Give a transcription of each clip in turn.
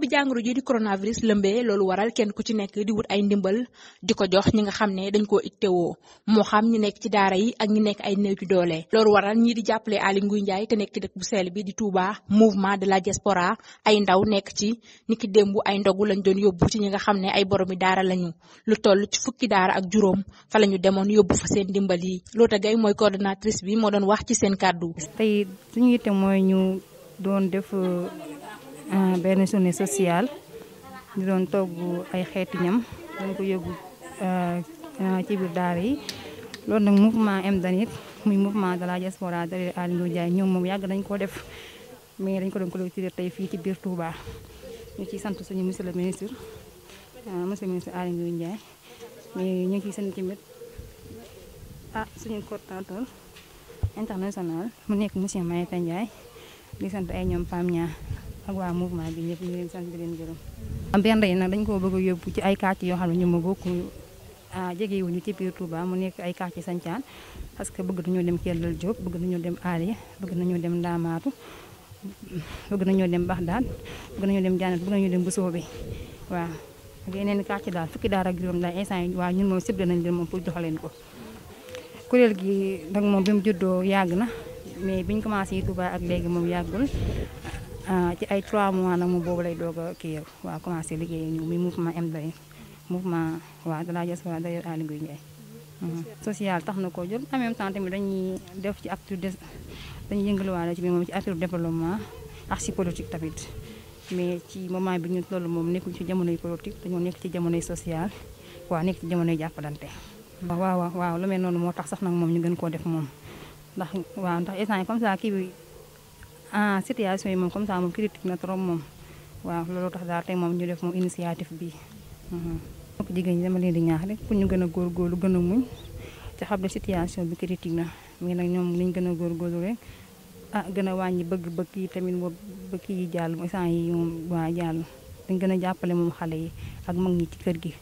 bi jàngoro ji di coronavirus lëmbee loolu waral kenn ku ci nekk di wut ay ndimbal di ko jox ñi nga xam ne dañ koo ittewoo moo xam ñi nekk ci daara yi ak ñi nekk ay néew ci doole loolu waral ñii di jàppale Aly Ngouille Ndiaye te nekk ci dëkk bu seel bi di Touba de la diaspora ay ndaw nekk ci ni ki démb ay ndogu lañ doon yóbbu ci ñi nga xam ne ay boro mi daara lañu lu toll ci fukki daara ak juróom fa la ñu demoon yóbbu fa seen ndimbal yi Loota gay mooy coordonnatrice bi moo doon wax ci seen kaddu tey suñu yitte mooy ñu doon def Ah, benn journée sociale di doon togg ay xeeti ñam dañ ko yóbbu ah, ah, ci biir daar yi loolu nag mouvement M-DAN it muy mouvement de la diaspora de Aly Ngouille Ndiaye ñoom moom yàgg dañ ko def mais dañ ko doon collecté tey fii ci biir Touba ñu ciy sant suñu monsieur le ministre monsieur le ministre Aly Ngouille Ndiaye mais ñu ngi ciy sant tamit ah suñu mu nekk monsieur Mayeta Ndiaye di sant ay ñoom Pam Niang ak moom mouvement bi ñëpp ñu leen sant di leen am benn yi nag dañ koo bëgg a yóbbu ci ay quartier yoo xam ne ñu ma bokk ah, jegewuñu ci biir Touba mu nekk ay quartier sancaan parce que bëgg nañoo dem Kellal Diop bëgg nañoo dem Aliya bëgg nañoo dem Ndaamaatu bëgg nañoo dem Baxdaan bëgg nañoo dem Jaanat bëgg nañoo dem Busoobe waaw ak yeneen quartier daal fukki daara ak juróom daal instant yi waaw ñun moom ciblé nañ leen moom pour doxaleen ko kuréel gi nag moom bi mu juddoo yàgg na mais biñ commencé Touba ak léegi moom yàggul Euh, ci ay 3 mois nag moom boobu lay doog a kii yow waaw commencé liggéey ñu muy mouvement M2M mouvement waaw de la diaspora d'ailleurs Aly Ngouille Ndiaye mhm. social tax na koo jël en même temps tamit dañuy def ci acte de dañuy yëngaluwaale ci biir moom ci acte développement ak si politique tamit mais ci moment bi ñu loolu moom nekkul ci jamonoy politique dañoo nekk ci jamonoy social waaw nekk ci jàppalante. waaw waaw waaw lu mel noonu moo tax sax nag moom ñu gën koo def moom ndax waaw ndax instant comme ça kii ah situation yi moom comme ça moom critique na trop moom waaw loolu tax daal tey moom ñu def moom initiative bi mbokk mhm. jigéen ñi dama leen di ñaax rek pour ñu gën a góorgóorlu gën a muñ te xam ne situation bi critique na mais nag ñoom niñ gën a góorgóorlu rek ah gën a wàññi bëgg-bëgg yi tamit moom bëgg yi jàll instant yi moom waa jàll dañ gën a jàppale moom xale yi ak mag ñi ci kër gi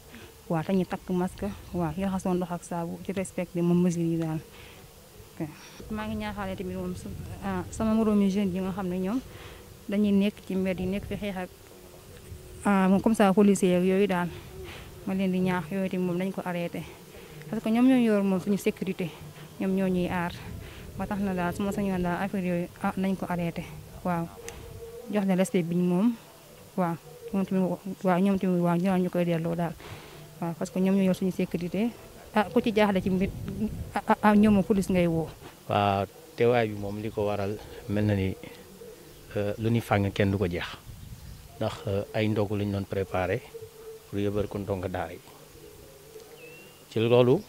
waaw te ñu takk masque waaw raxasoo ndox ak saabu ci respecté moom mesure yi daal copain maa ngi ñaaxaale tamit moom ah, sama moroomi jeunes yi nga xam ne ñoom dañuy nekk ci mbedd yi nekk fi xeex ak ah, comme ça policier ak yooyu daal ma leen di ñaax yooyu tamit moom dañ ko arrêté parce que ñoom ñoo yor moom suñu sécurité ñoom ñoo ñuy aar ba tax na daal su ma sañoon daal affaire yooyu ah nañ ko arrêté waaw jox na respect biñ moom waaw moom tamit waaw ñoom tamit waaw ñu koy delloo daal waaw parce que ñoom ñoo yor suñu sécurité ah ku ci jaaxle ci mbir ah, ah, ah ñoom moom police ngay woo. waaw teewaay bi moom li ko waral mel na ni euh, lu ñuy fàng kenn du ko jeex ndax euh, ay ndogu lañ doon préparé pour yóbbal ko ndongo daara yi ci loolu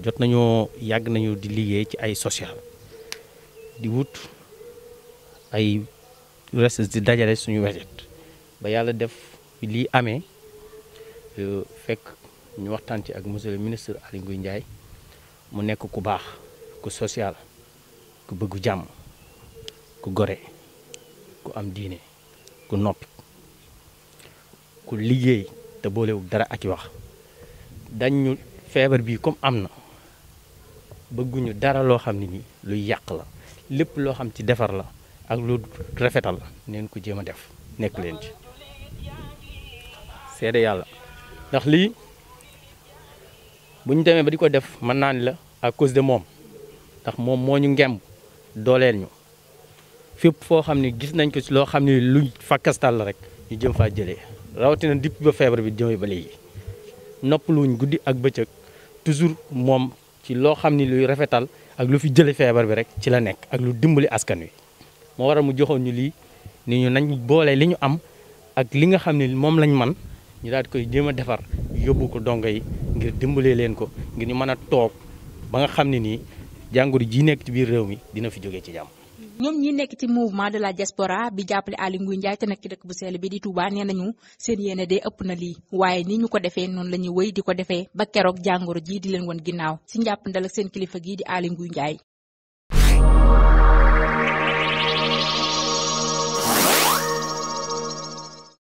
jot nañoo yàgg nañu di liggéey ci ay social di wut ay restes di dajale suñu wejet ba yàlla def lii amee euh, fekk. ñu waxtaan ci ak monsieur le ministre Aly Ngouille Ndiaye mu nekk ku baax ku social ku bëggu jàmm ku gore ku am diine ku noppi ku liggéey te boolewul dara ak i wax dañ ñu feebar bii comme am na bëgguñu dara loo xam ne ni luy yàq la lépp loo xam ci defar la ak lu rafetal neen ko jéem a def nekk leen ci seede yàlla ndax lii bu ñu demee ba di ko def mën naan la ak cause de moom ndax moom moo ñu ngemb dooleel ñu fépp foo xam ne gis nañ ko ci loo xam ne lu fakkastal rek ñu jëm faa jëlee rawatina dipp ba feebar bi jëmee ba léegi noppaluwuñ guddi ak bëccëg toujours moom ci loo xam ne luy rafetal ak lu fi jële feebar bi rek ci la nekk ak lu dimbali askan wi moo waral mu joxoon ñu lii ni ñu nañ boole li ñu am ak li nga xam ne moom lañ man ñu daal di koy jéem a defar yóbbu ko dongo yi ngir dimbalee leen ko ngir mën a toog ba nga xam ne nii jàngoro ji nekk ci biir réew mi dina fi jógee ci jàmm. ñoom ñi nekk ci mouvement de la diaspora bi jàppale Aly Ngouille Ndiaye te nekk ci dëkk bu sell bi di Touba nee nañu seen yéene de ëpp na lii waaye ni ñu ko defee noonu la ñuy wëy di ko defee ba keroog jàngoro ji di leen won ginnaaw si njàpp ndal seen kilifa gii di Aly Ngouille Ndiaye